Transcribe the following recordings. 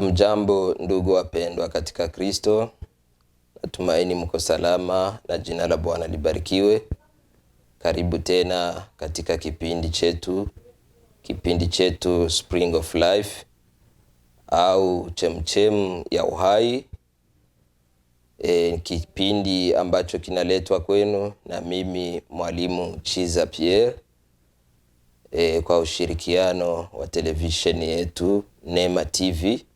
Hamjambo ndugu wapendwa katika Kristo, natumaini mko salama na jina la Bwana libarikiwe. Karibu tena katika kipindi chetu, kipindi chetu Spring of Life au chemchem ya uhai. E, kipindi ambacho kinaletwa kwenu na mimi mwalimu Chiza Pierre e, kwa ushirikiano wa televisheni yetu Neema TV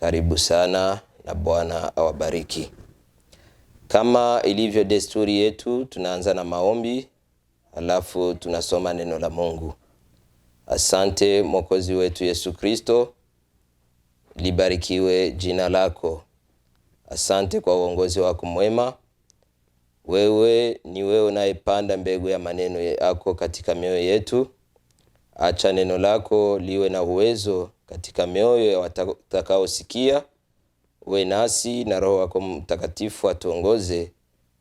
karibu sana na Bwana awabariki. Kama ilivyo desturi yetu, tunaanza na maombi alafu tunasoma neno la Mungu. Asante Mwokozi wetu Yesu Kristo, libarikiwe jina lako. Asante kwa uongozi wako mwema. Wewe ni wewe unayepanda mbegu ya maneno yako katika mioyo yetu. Acha neno lako liwe na uwezo katika mioyo ya watakaosikia. Uwe nasi na Roho wako Mtakatifu atuongoze,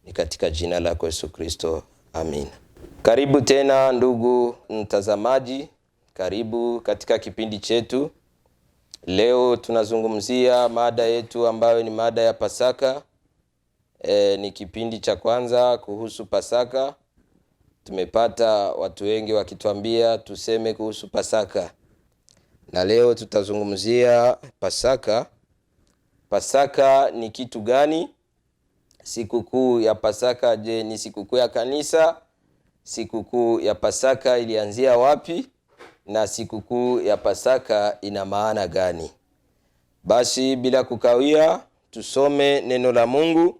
ni katika jina lako Yesu Kristo, amina. Karibu tena ndugu mtazamaji, karibu katika kipindi chetu. Leo tunazungumzia mada yetu ambayo ni mada ya Pasaka. E, ni kipindi cha kwanza kuhusu Pasaka. Tumepata watu wengi wakituambia tuseme kuhusu Pasaka na leo tutazungumzia Pasaka. Pasaka ni kitu gani? Sikukuu ya Pasaka, je, ni sikukuu ya kanisa? Sikukuu ya Pasaka ilianzia wapi? Na sikukuu ya Pasaka ina maana gani? Basi bila kukawia, tusome neno la Mungu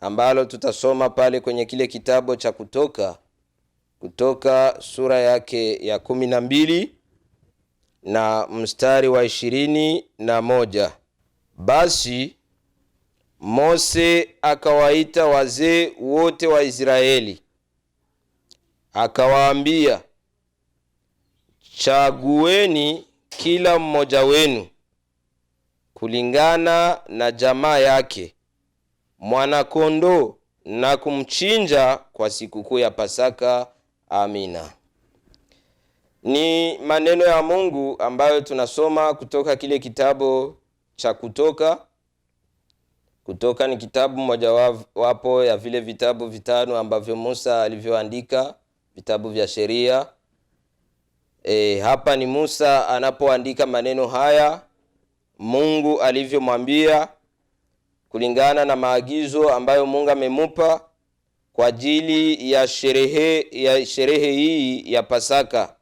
ambalo tutasoma pale kwenye kile kitabu cha Kutoka, Kutoka sura yake ya kumi na mbili na mstari wa ishirini na moja basi Mose akawaita wazee wote wa Israeli akawaambia, chagueni kila mmoja wenu kulingana na jamaa yake mwanakondoo na kumchinja kwa sikukuu ya Pasaka. Amina. Ni maneno ya Mungu ambayo tunasoma kutoka kile kitabu cha Kutoka. Kutoka ni kitabu mojawapo ya vile vitabu vitano ambavyo Musa alivyoandika, vitabu vya sheria. E, hapa ni Musa anapoandika maneno haya Mungu alivyomwambia kulingana na maagizo ambayo Mungu amemupa kwa ajili ya sherehe ya sherehe hii ya Pasaka.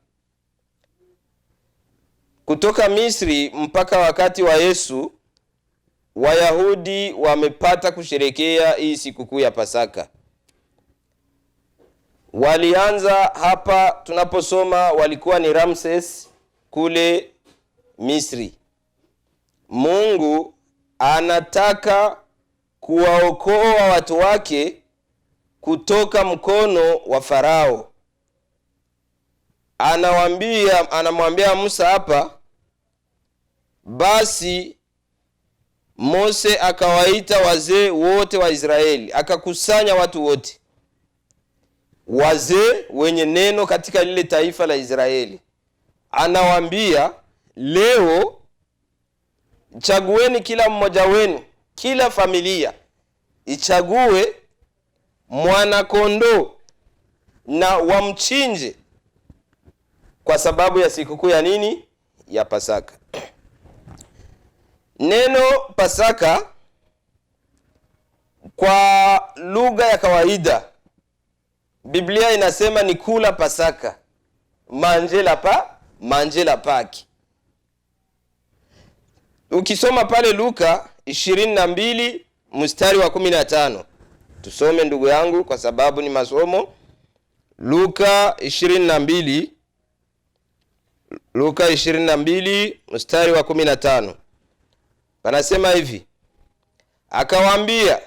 Kutoka Misri mpaka wakati wa Yesu Wayahudi wamepata kusherekea hii sikukuu ya Pasaka. Walianza hapa tunaposoma, walikuwa ni Ramses kule Misri. Mungu anataka kuwaokoa watu wake kutoka mkono wa Farao. Anawambia, anamwambia Musa hapa basi Mose akawaita wazee wote wa Israeli, akakusanya watu wote wazee wenye neno katika lile taifa la Israeli, anawaambia leo, chagueni kila mmoja wenu, kila familia ichague mwanakondoo na wamchinje kwa sababu ya sikukuu ya nini? Ya Pasaka. Neno Pasaka kwa lugha ya kawaida Biblia inasema ni kula Pasaka, manjela pa manjela paki. Ukisoma pale Luka 22 mstari wa 15, tusome ndugu yangu, kwa sababu ni masomo. Luka 22, Luka 22 mstari wa 15 panasema hivi, akawaambia,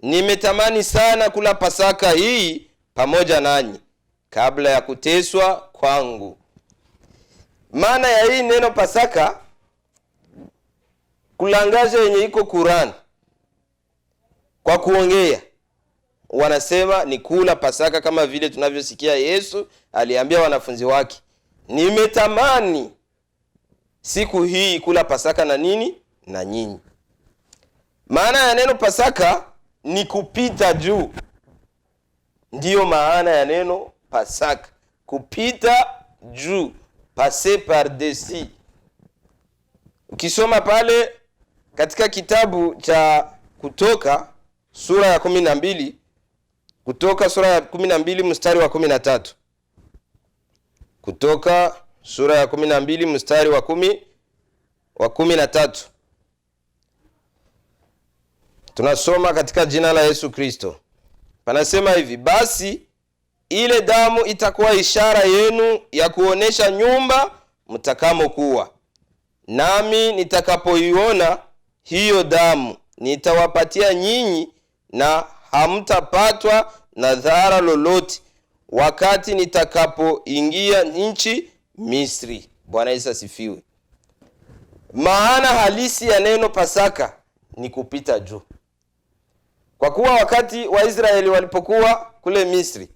nimetamani sana kula Pasaka hii pamoja nanyi kabla ya kuteswa kwangu. Maana ya hii neno Pasaka kulangaza yenye iko Kurani kwa kuongea wanasema ni kula Pasaka, kama vile tunavyosikia Yesu aliambia wanafunzi wake, nimetamani siku hii kula Pasaka na nini na nyinyi. Maana ya neno Pasaka ni kupita juu, ndiyo maana ya neno Pasaka, kupita juu, passer par dessus. Ukisoma pale katika kitabu cha Kutoka sura ya kumi na mbili Kutoka sura ya kumi na mbili mstari wa kumi na tatu Kutoka sura ya kumi na mbili mstari wa kumi wa kumi na tatu Tunasoma katika jina la Yesu Kristo, panasema hivi: basi ile damu itakuwa ishara yenu ya kuonesha nyumba mtakamokuwa, nami nitakapoiona hiyo damu nitawapatia nyinyi, na hamtapatwa na dhara lolote wakati nitakapoingia nchi Misri. Bwana Yesu asifiwe. Maana halisi ya neno Pasaka ni kupita juu. Kwa kuwa wakati Waisraeli walipokuwa kule Misri,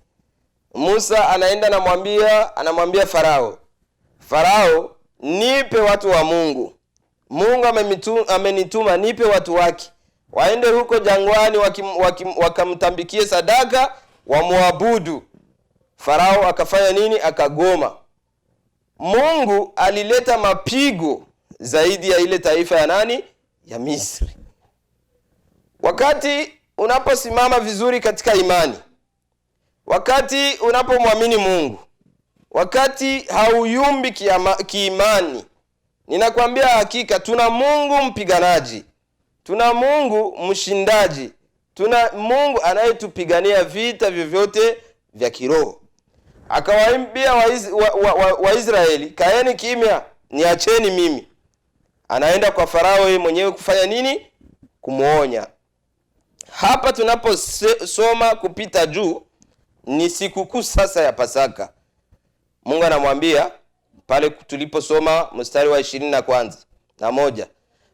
Musa anaenda anamwambia anamwambia Farao, Farao, nipe watu wa Mungu. Mungu amenituma nipe watu wake waende huko jangwani wakamtambikie waki, sadaka wamwabudu. Farao akafanya nini? Akagoma. Mungu alileta mapigo zaidi ya ile taifa ya nani? Ya Misri. Wakati unaposimama vizuri katika imani, wakati unapomwamini Mungu, wakati hauyumbi kiimani, ninakwambia hakika tuna Mungu mpiganaji, tuna Mungu mshindaji, tuna Mungu anayetupigania vita vyovyote vya kiroho. Akawaambia Waisraeli wa, wa, wa kaeni kimya, niacheni mimi. Anaenda kwa Farao yeye mwenyewe kufanya nini? Kumwonya. Hapa tunaposoma kupita juu ni sikukuu sasa ya Pasaka. Mungu anamwambia pale tuliposoma mstari wa ishirini na kwanza na moja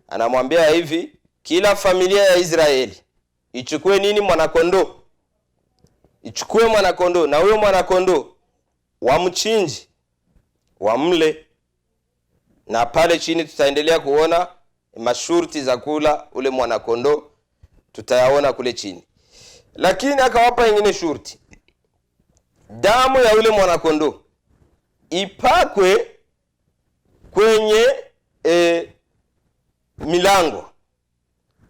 anamwambia hivi, kila familia ya Israeli ichukue nini? Mwanakondoo, ichukue mwanakondoo, na huyo mwanakondoo wamchinji, wamle. Na pale chini tutaendelea kuona masharti za kula ule mwanakondoo tutayaona kule chini. Lakini akawapa ingine shurti, damu ya yule mwanakondoo ipakwe kwenye e, milango,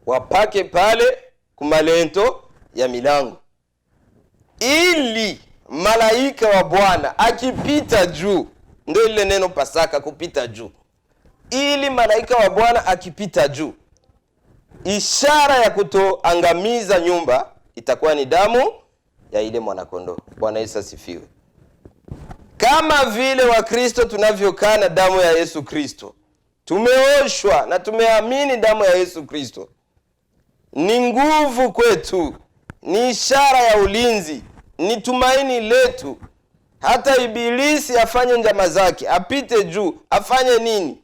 wapake pale kumalento ya milango, ili malaika wa Bwana akipita juu, ndio ile neno Pasaka, kupita juu, ili malaika wa Bwana akipita juu ishara ya kutoangamiza nyumba itakuwa ni damu ya ile mwanakondoo. Bwana Yesu asifiwe. Kama vile Wakristo tunavyokaa na damu ya Yesu Kristo, tumeoshwa na tumeamini damu ya Yesu Kristo, ni nguvu kwetu, ni ishara ya ulinzi, ni tumaini letu. Hata Ibilisi afanye njama zake, apite juu, afanye nini,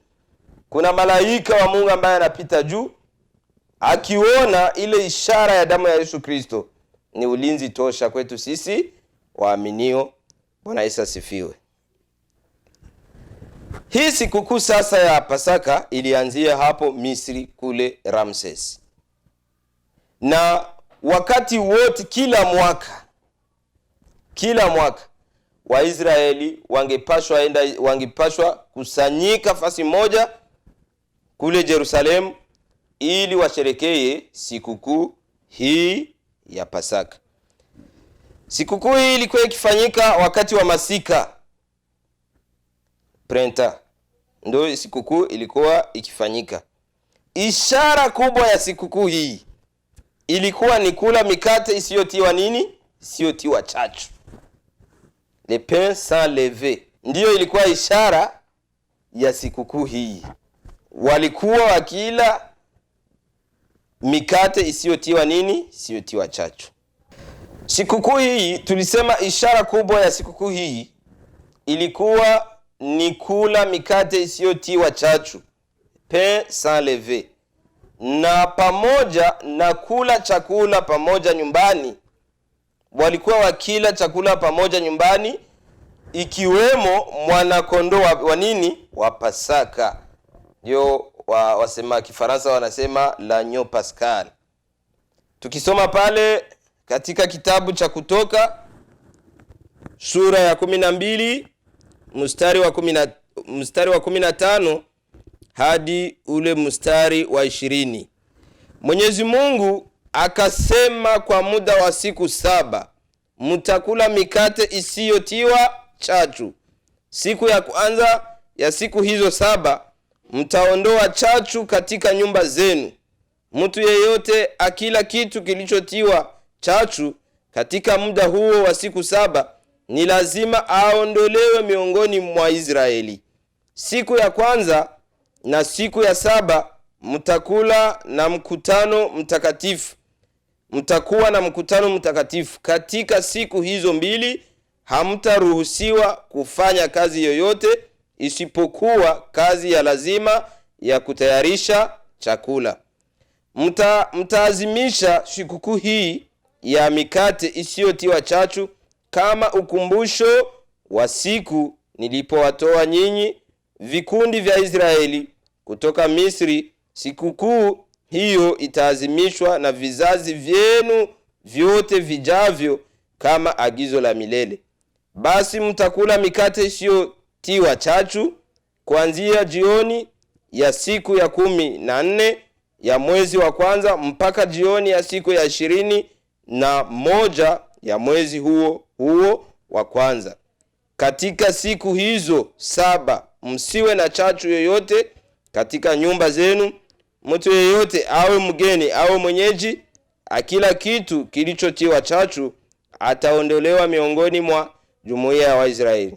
kuna malaika wa Mungu ambaye anapita juu akiona ile ishara ya damu ya Yesu Kristo ni ulinzi tosha kwetu sisi waaminio. Bwana Yesu asifiwe. Hii sikukuu sasa ya Pasaka ilianzia hapo Misri kule Ramses, na wakati wote, kila mwaka, kila mwaka Waisraeli wangepashwa enda, wangepashwa kusanyika fasi moja kule Yerusalemu ili washerekee sikukuu hii ya Pasaka. Sikukuu hii ilikuwa ikifanyika wakati wa masika prenta, ndio sikukuu ilikuwa ikifanyika. Ishara kubwa ya sikukuu hii ilikuwa ni kula mikate isiyotiwa nini, isiyotiwa chachu, le pain sans leve, ndiyo ilikuwa ishara ya sikukuu hii. Walikuwa wakila mikate isiyotiwa nini? Isiyotiwa chachu. Sikukuu hii tulisema, ishara kubwa ya sikukuu hii ilikuwa ni kula mikate isiyotiwa chachu, pain sans levain, na pamoja na kula chakula pamoja nyumbani. Walikuwa wakila chakula pamoja nyumbani, ikiwemo mwanakondoo wa nini, wa Pasaka. Ndio wa, wasema Kifaransa wanasema Lanyo Pascal. Tukisoma pale katika kitabu cha Kutoka sura ya 12 mstari wa kumina, mstari wa 15 hadi ule mstari wa 20 Mwenyezi Mungu akasema, kwa muda wa siku saba mtakula mikate isiyotiwa chachu. Siku ya kwanza ya siku hizo saba mtaondoa chachu katika nyumba zenu. Mtu yeyote akila kitu kilichotiwa chachu katika muda huo wa siku saba ni lazima aondolewe miongoni mwa Israeli. Siku ya kwanza na siku ya saba mtakula na mkutano mtakatifu, mtakuwa na mkutano mtakatifu. Katika siku hizo mbili hamtaruhusiwa kufanya kazi yoyote isipokuwa kazi ya lazima ya kutayarisha chakula. Mta, mtaazimisha sikukuu hii ya mikate isiyotiwa chachu kama ukumbusho wa siku nilipowatoa nyinyi vikundi vya Israeli kutoka Misri. Sikukuu hiyo itaazimishwa na vizazi vyenu vyote vijavyo kama agizo la milele. Basi mtakula mikate isiyo tiwa chachu kuanzia jioni ya siku ya kumi na nne ya mwezi wa kwanza mpaka jioni ya siku ya ishirini na moja ya mwezi huo huo wa kwanza. Katika siku hizo saba msiwe na chachu yoyote katika nyumba zenu. Mtu yeyote awe mgeni awe mwenyeji, akila kitu kilichotiwa chachu ataondolewa miongoni mwa jumuiya ya Waisraeli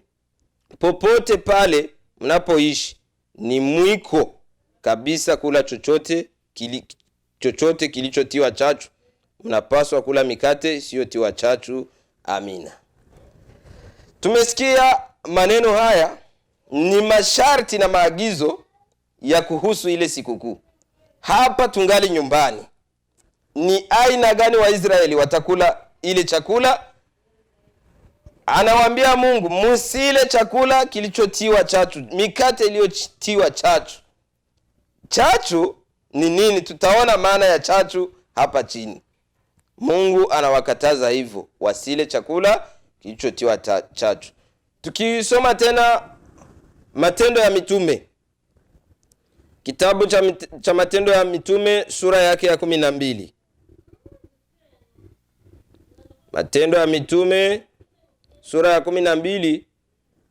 popote pale mnapoishi ni mwiko kabisa kula chochote kili, chochote kilichotiwa chachu. Mnapaswa kula mikate siyotiwa chachu. Amina. Tumesikia maneno haya ni masharti na maagizo ya kuhusu ile sikukuu. Hapa tungali nyumbani, ni aina gani Waisraeli watakula ile chakula Anawaambia Mungu, musile chakula kilichotiwa chachu, mikate iliyotiwa chachu. Chachu ni nini? Tutaona maana ya chachu hapa chini. Mungu anawakataza hivyo, wasile chakula kilichotiwa chachu. Tukisoma tena Matendo ya Mitume, kitabu cha, mit cha Matendo ya Mitume sura yake ya kumi na mbili Matendo ya Mitume sura ya kumi na mbili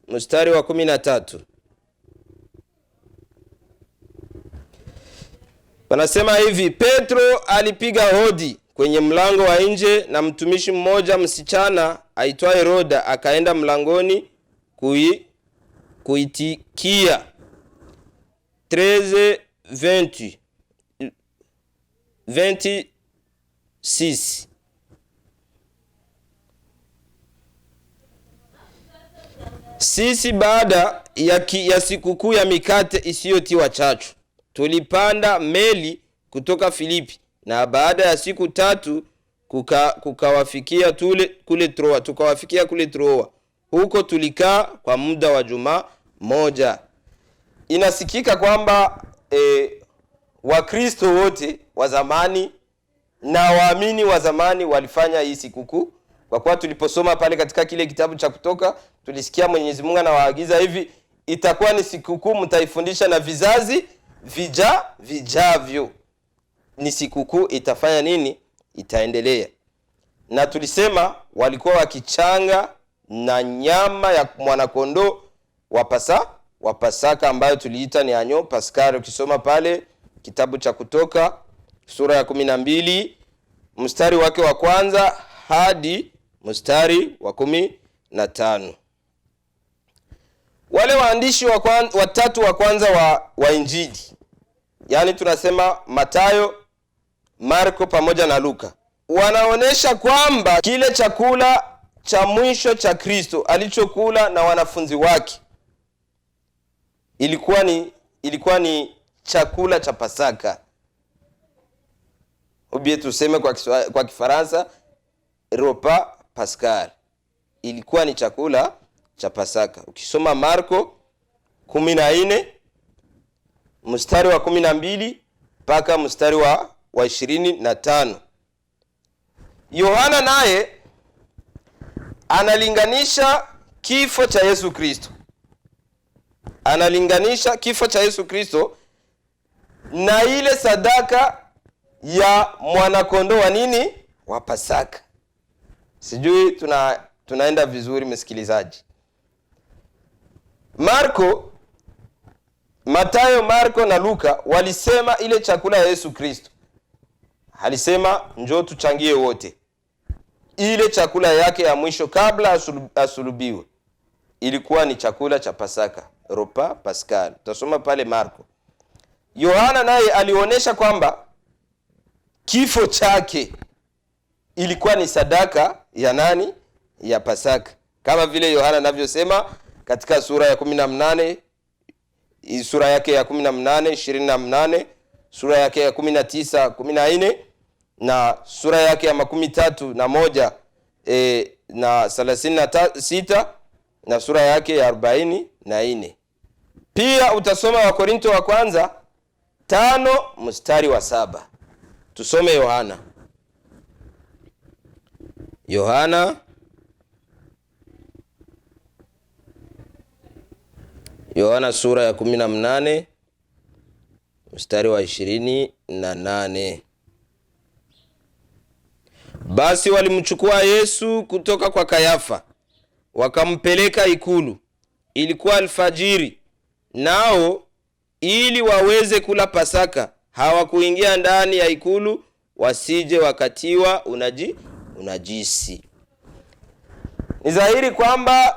mstari wa kumi na tatu panasema hivi: Petro alipiga hodi kwenye mlango wa nje, na mtumishi mmoja msichana aitwaye Roda akaenda mlangoni kui kuitikia. 13 Sisi baada ya, ya sikukuu ya mikate isiyotiwa chachu tulipanda meli kutoka Filipi, na baada ya siku tatu kuka, kukawafikia tule, kule Troa, tukawafikia kule Troa. Huko tulikaa kwa muda wa juma moja. Inasikika kwamba e, Wakristo wote wa zamani na waamini wa zamani walifanya hii sikukuu kwa kuwa tuliposoma pale katika kile kitabu cha Kutoka tulisikia Mwenyezi Mungu anawaagiza hivi, itakuwa ni sikukuu mtaifundisha na vizazi vija vijavyo. Ni sikukuu itafanya nini? Itaendelea. Na tulisema walikuwa wakichanga na nyama ya mwanakondoo wapasa wapasaka ambayo tuliita ni anyo paskari. Ukisoma pale kitabu cha Kutoka sura ya kumi na mbili mstari wake wa kwanza hadi mstari wa kumi na tano. Wale waandishi watatu wa kwanza wa, wa Injili yaani tunasema matayo Marko pamoja na Luka wanaonyesha kwamba kile chakula cha mwisho cha Kristo alichokula na wanafunzi wake ilikuwa ni ilikuwa ni chakula cha Pasaka, ubie tuseme kwa, kwa Kifaransa repas Pascal ilikuwa ni chakula cha Pasaka. Ukisoma Marko kumi na nne mstari wa kumi na mbili mpaka mstari wa wa ishirini na tano Yohana naye analinganisha kifo cha Yesu Kristo, analinganisha kifo cha Yesu Kristo na ile sadaka ya mwanakondoo wa nini wa Pasaka. Sijui tuna tunaenda vizuri msikilizaji. Marko, Matayo, Marko na Luka walisema ile chakula ya Yesu Kristo alisema njoo tuchangie wote. Ile chakula yake ya mwisho kabla asulubiwe ilikuwa ni chakula cha Pasaka, ropa pascal. Tutasoma pale Marko. Yohana naye alionyesha kwamba kifo chake ilikuwa ni sadaka ya nani? Ya Pasaka, kama vile Yohana anavyosema katika sura ya kumi na mnane sura yake ya kumi na mnane ishirini na mnane sura yake ya kumi na tisa kumi na nne na sura yake ya makumi tatu na moja e, na thelathini na sita na sura yake ya arobaini na nne Pia utasoma Wakorinto wa kwanza tano mstari wa saba Tusome Yohana Yohana Yohana sura ya kumi na mnane mstari wa ishirini na nane. Basi walimchukua Yesu kutoka kwa Kayafa wakampeleka ikulu. Ilikuwa alfajiri, nao ili waweze kula Pasaka hawakuingia ndani ya ikulu, wasije wakatiwa unaji unajisi. Ni dhahiri kwamba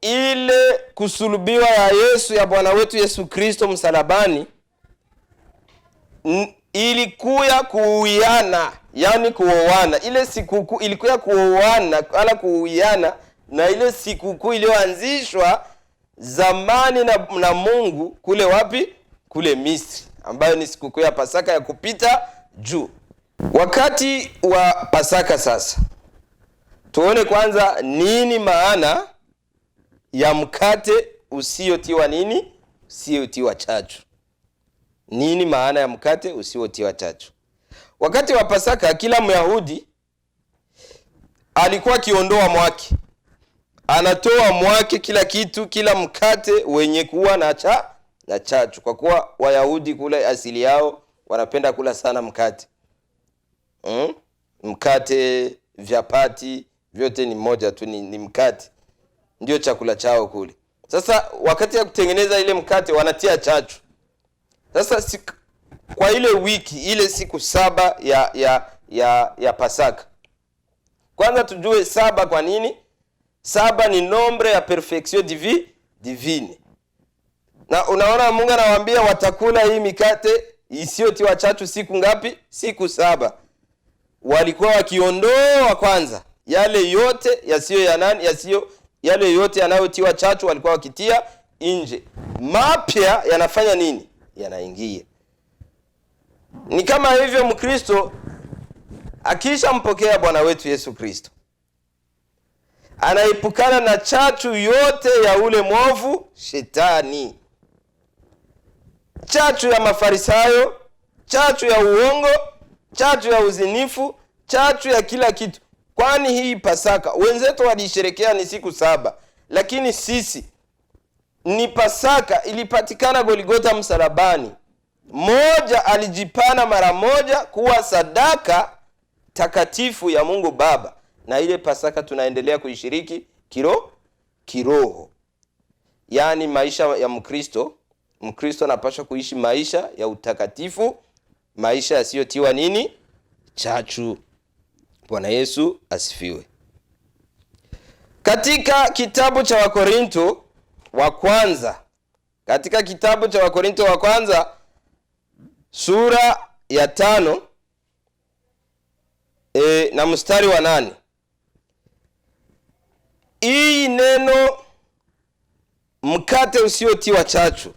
ile kusulubiwa ya Yesu ya Bwana wetu Yesu Kristo msalabani ilikuya kuuiana, yani kuoana. Ile sikukuu ilikuya kuoana ala kuuiana na ile sikukuu iliyoanzishwa zamani na, na Mungu kule wapi? Kule Misri, ambayo ni sikukuu ya Pasaka ya kupita juu. Wakati wa Pasaka sasa, tuone kwanza nini maana ya mkate usiotiwa nini, usiotiwa chachu. Nini maana ya mkate usiotiwa chachu? Wakati wa Pasaka kila Myahudi alikuwa akiondoa mwake, anatoa mwake, kila kitu, kila mkate wenye kuwa na cha na chachu, kwa kuwa Wayahudi kule asili yao wanapenda kula sana mkate mm? mkate, vyapati vyote ni moja tu, ni, ni mkate ndio chakula chao kule. Sasa wakati ya kutengeneza ile mkate wanatia chachu. Sasa si, kwa ile wiki ile siku saba ya ya ya, ya Pasaka, kwanza tujue saba. Kwa nini saba? Ni nombre ya perfection divi, divine. Na unaona Mungu anawaambia watakula hii mikate isiyotiwa chachu siku ngapi? Siku saba walikuwa wakiondoa kwanza yale yote yasiyo ya nani yasiyo yale yote yanayotiwa chachu walikuwa wakitia nje, mapya yanafanya nini? Yanaingia. Ni kama hivyo, Mkristo akishampokea Bwana wetu Yesu Kristo anaepukana na chachu yote ya ule mwovu Shetani, chachu ya Mafarisayo, chachu ya uongo chachu ya uzinifu, chachu ya kila kitu. Kwani hii Pasaka wenzetu walisherekea ni siku saba, lakini sisi ni Pasaka ilipatikana Goligota msalabani. Moja alijipana mara moja kuwa sadaka takatifu ya Mungu Baba, na ile Pasaka tunaendelea kuishiriki kiro kiroho, yaani maisha ya Mkristo. Mkristo anapaswa kuishi maisha ya utakatifu maisha yasiyotiwa nini chachu. Bwana Yesu asifiwe. Katika kitabu cha Wakorinto wa kwanza, katika kitabu cha Wakorinto wa kwanza sura ya tano e, na mstari wa nane hii neno mkate usiotiwa chachu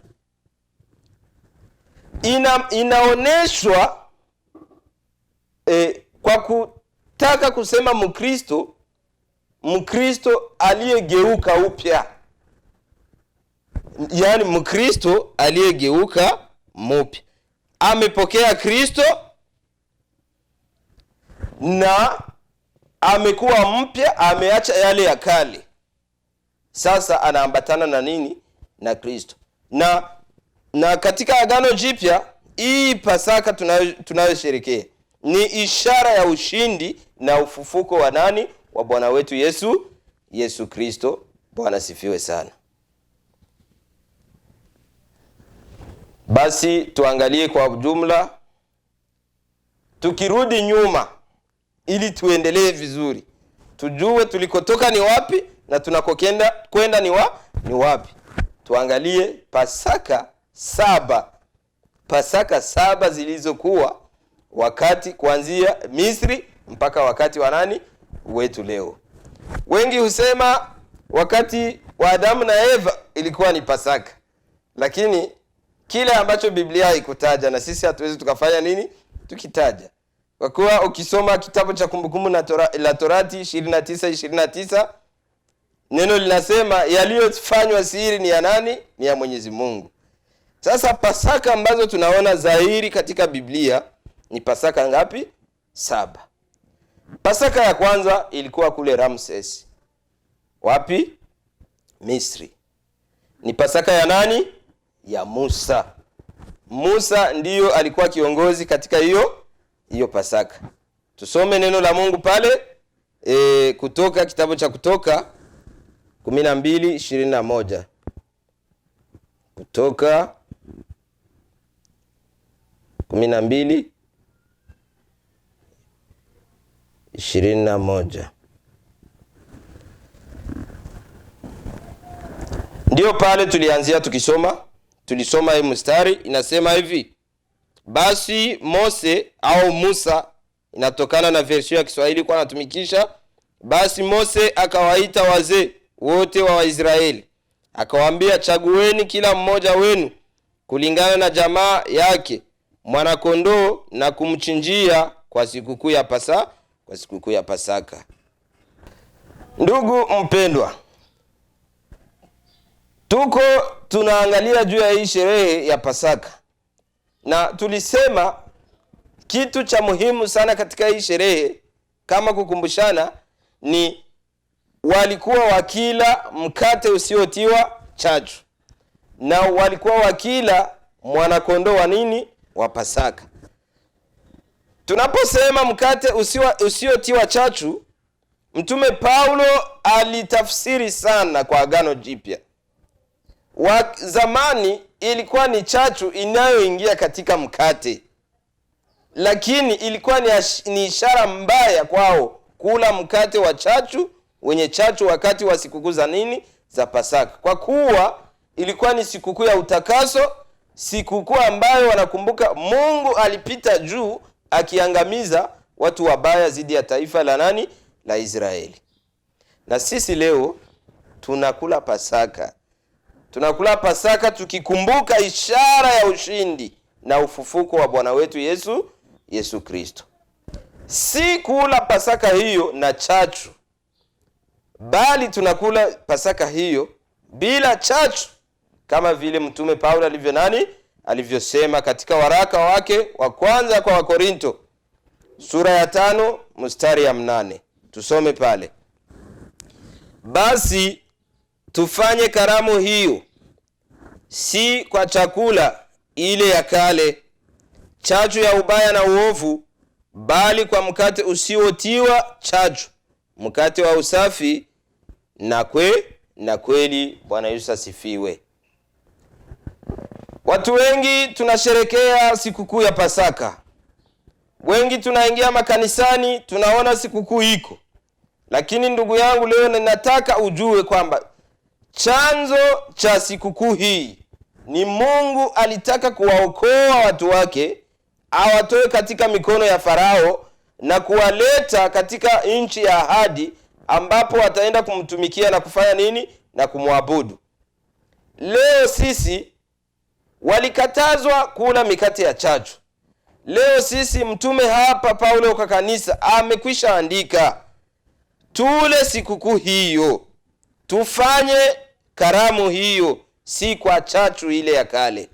ina, inaoneshwa eh, kwa kutaka kusema Mkristo Mkristo aliyegeuka upya, yaani Mkristo aliyegeuka mupya amepokea Kristo na amekuwa mpya, ameacha yale ya kale, sasa anaambatana na nini? Na Kristo na na katika Agano Jipya, hii Pasaka tunayosherekea ni ishara ya ushindi na ufufuko wa nani? Wa Bwana wetu Yesu Yesu Kristo. Bwana sifiwe sana. Basi tuangalie kwa jumla, tukirudi nyuma ili tuendelee vizuri, tujue tulikotoka ni wapi na tunakokenda kwenda ni wa ni wapi. Tuangalie Pasaka saba Pasaka saba zilizokuwa wakati kuanzia Misri mpaka wakati wa nani wetu leo. Wengi husema wakati wa Adamu na Eva ilikuwa ni Pasaka, lakini kile ambacho Biblia haikutaja na sisi hatuwezi tukafanya nini tukitaja, kwa kuwa ukisoma kitabu cha Kumbukumbu la tora, Torati 29 29 neno linasema yaliyofanywa siri ni ya nani? Ni ya Mwenyezi Mungu sasa Pasaka ambazo tunaona dhahiri katika Biblia ni Pasaka ngapi? Saba. Pasaka ya kwanza ilikuwa kule Ramses. Wapi? Misri. Ni Pasaka ya nani? Ya Musa. Musa ndiyo alikuwa kiongozi katika hiyo hiyo Pasaka. Tusome neno la Mungu pale e, kutoka kitabu cha Kutoka 12:21. Kutoka kumi na mbili ishirini na moja Ndiyo pale tulianzia tukisoma, tulisoma hii mstari inasema hivi: basi Mose au Musa, inatokana na version ya Kiswahili kwa anatumikisha. Basi Mose akawaita wazee wote wa Waisraeli akawaambia, chagueni kila mmoja wenu kulingana na jamaa yake mwanakondoo na kumchinjia kwa sikukuu ya pasa kwa sikukuu ya Pasaka. Ndugu mpendwa, tuko tunaangalia juu ya hii sherehe ya Pasaka, na tulisema kitu cha muhimu sana katika hii sherehe kama kukumbushana, ni walikuwa wakila mkate usiotiwa chachu na walikuwa wakila mwanakondoo wa nini wa Pasaka. Tunaposema mkate usiotiwa chachu, Mtume Paulo alitafsiri sana kwa Agano Jipya. Wa zamani ilikuwa ni chachu inayoingia katika mkate, lakini ilikuwa ni ishara mbaya kwao kula mkate wa chachu wenye chachu wakati wa sikukuu za nini za Pasaka, kwa kuwa ilikuwa ni sikukuu ya utakaso sikukuu ambayo wanakumbuka Mungu alipita juu akiangamiza watu wabaya dhidi ya taifa la nani? La Israeli. Na sisi leo tunakula Pasaka, tunakula Pasaka tukikumbuka ishara ya ushindi na ufufuko wa Bwana wetu Yesu Yesu Kristo. Si kula Pasaka hiyo na chachu, bali tunakula Pasaka hiyo bila chachu kama vile mtume Paulo alivyo nani alivyosema katika waraka wake wa kwanza kwa Wakorinto sura ya tano mstari ya mnane. Tusome pale, basi tufanye karamu hiyo si kwa chakula ile ya kale chachu ya ubaya na uovu, bali kwa mkate usiotiwa chachu, mkate wa usafi na kwe na kweli. Bwana Yesu asifiwe. Watu wengi tunasherekea sikukuu ya Pasaka, wengi tunaingia makanisani, tunaona sikukuu iko, lakini ndugu yangu, leo ninataka ujue kwamba chanzo cha sikukuu hii ni Mungu alitaka kuwaokoa watu wake, awatoe katika mikono ya Farao na kuwaleta katika nchi ya ahadi, ambapo wataenda kumtumikia na kufanya nini na kumwabudu. Leo sisi walikatazwa kula mikate ya chachu. Leo sisi mtume hapa Paulo kwa kanisa amekwisha andika, tule sikukuu hiyo, tufanye karamu hiyo, si kwa chachu ile ya kale,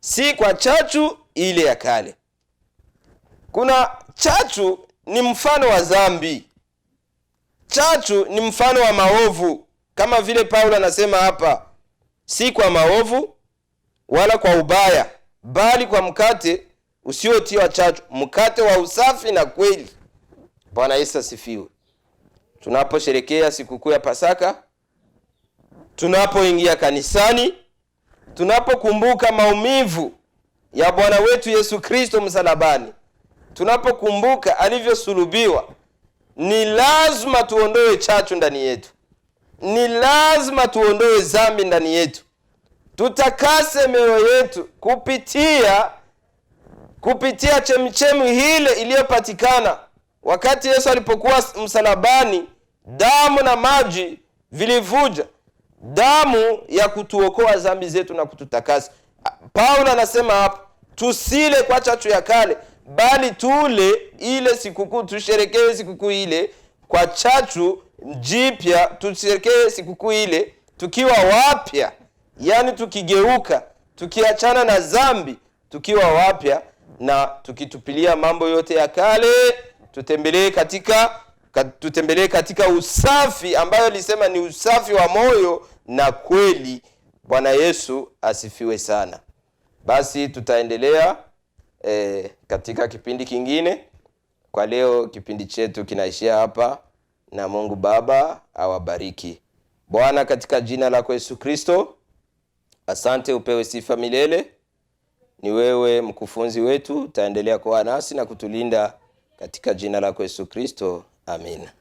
si kwa chachu ile ya kale. Kuna chachu ni mfano wa dhambi, chachu ni mfano wa maovu, kama vile Paulo anasema hapa, si kwa maovu wala kwa ubaya, bali kwa mkate usiotiwa chachu, mkate wa usafi na kweli. Bwana Yesu asifiwe. Tunaposherekea sikukuu ya Pasaka, tunapoingia kanisani, tunapokumbuka maumivu ya Bwana wetu Yesu Kristo msalabani, tunapokumbuka alivyosulubiwa, ni lazima tuondoe chachu ndani yetu, ni lazima tuondoe zambi ndani yetu tutakase mioyo yetu kupitia kupitia chemchemi hile iliyopatikana wakati Yesu alipokuwa msalabani. Damu na maji vilivuja, damu ya kutuokoa zambi zetu na kututakasa. Paulo anasema hapa, tusile kwa chachu ya kale, bali tule ile sikukuu, tusherekee sikukuu ile kwa chachu jipya, tusherekee sikukuu ile tukiwa wapya yaani tukigeuka, tukiachana na dhambi, tukiwa wapya na tukitupilia mambo yote ya kale, tutembelee katika tutembelee katika usafi ambayo alisema ni usafi wa moyo na kweli. Bwana Yesu asifiwe sana. Basi tutaendelea e, katika kipindi kingine. Kwa leo kipindi chetu kinaishia hapa, na Mungu Baba awabariki. Bwana, katika jina lako Yesu Kristo Asante, upewe sifa milele. Ni wewe mkufunzi wetu, utaendelea kuwa nasi na kutulinda katika jina lako Yesu Kristo, amina.